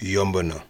yomb na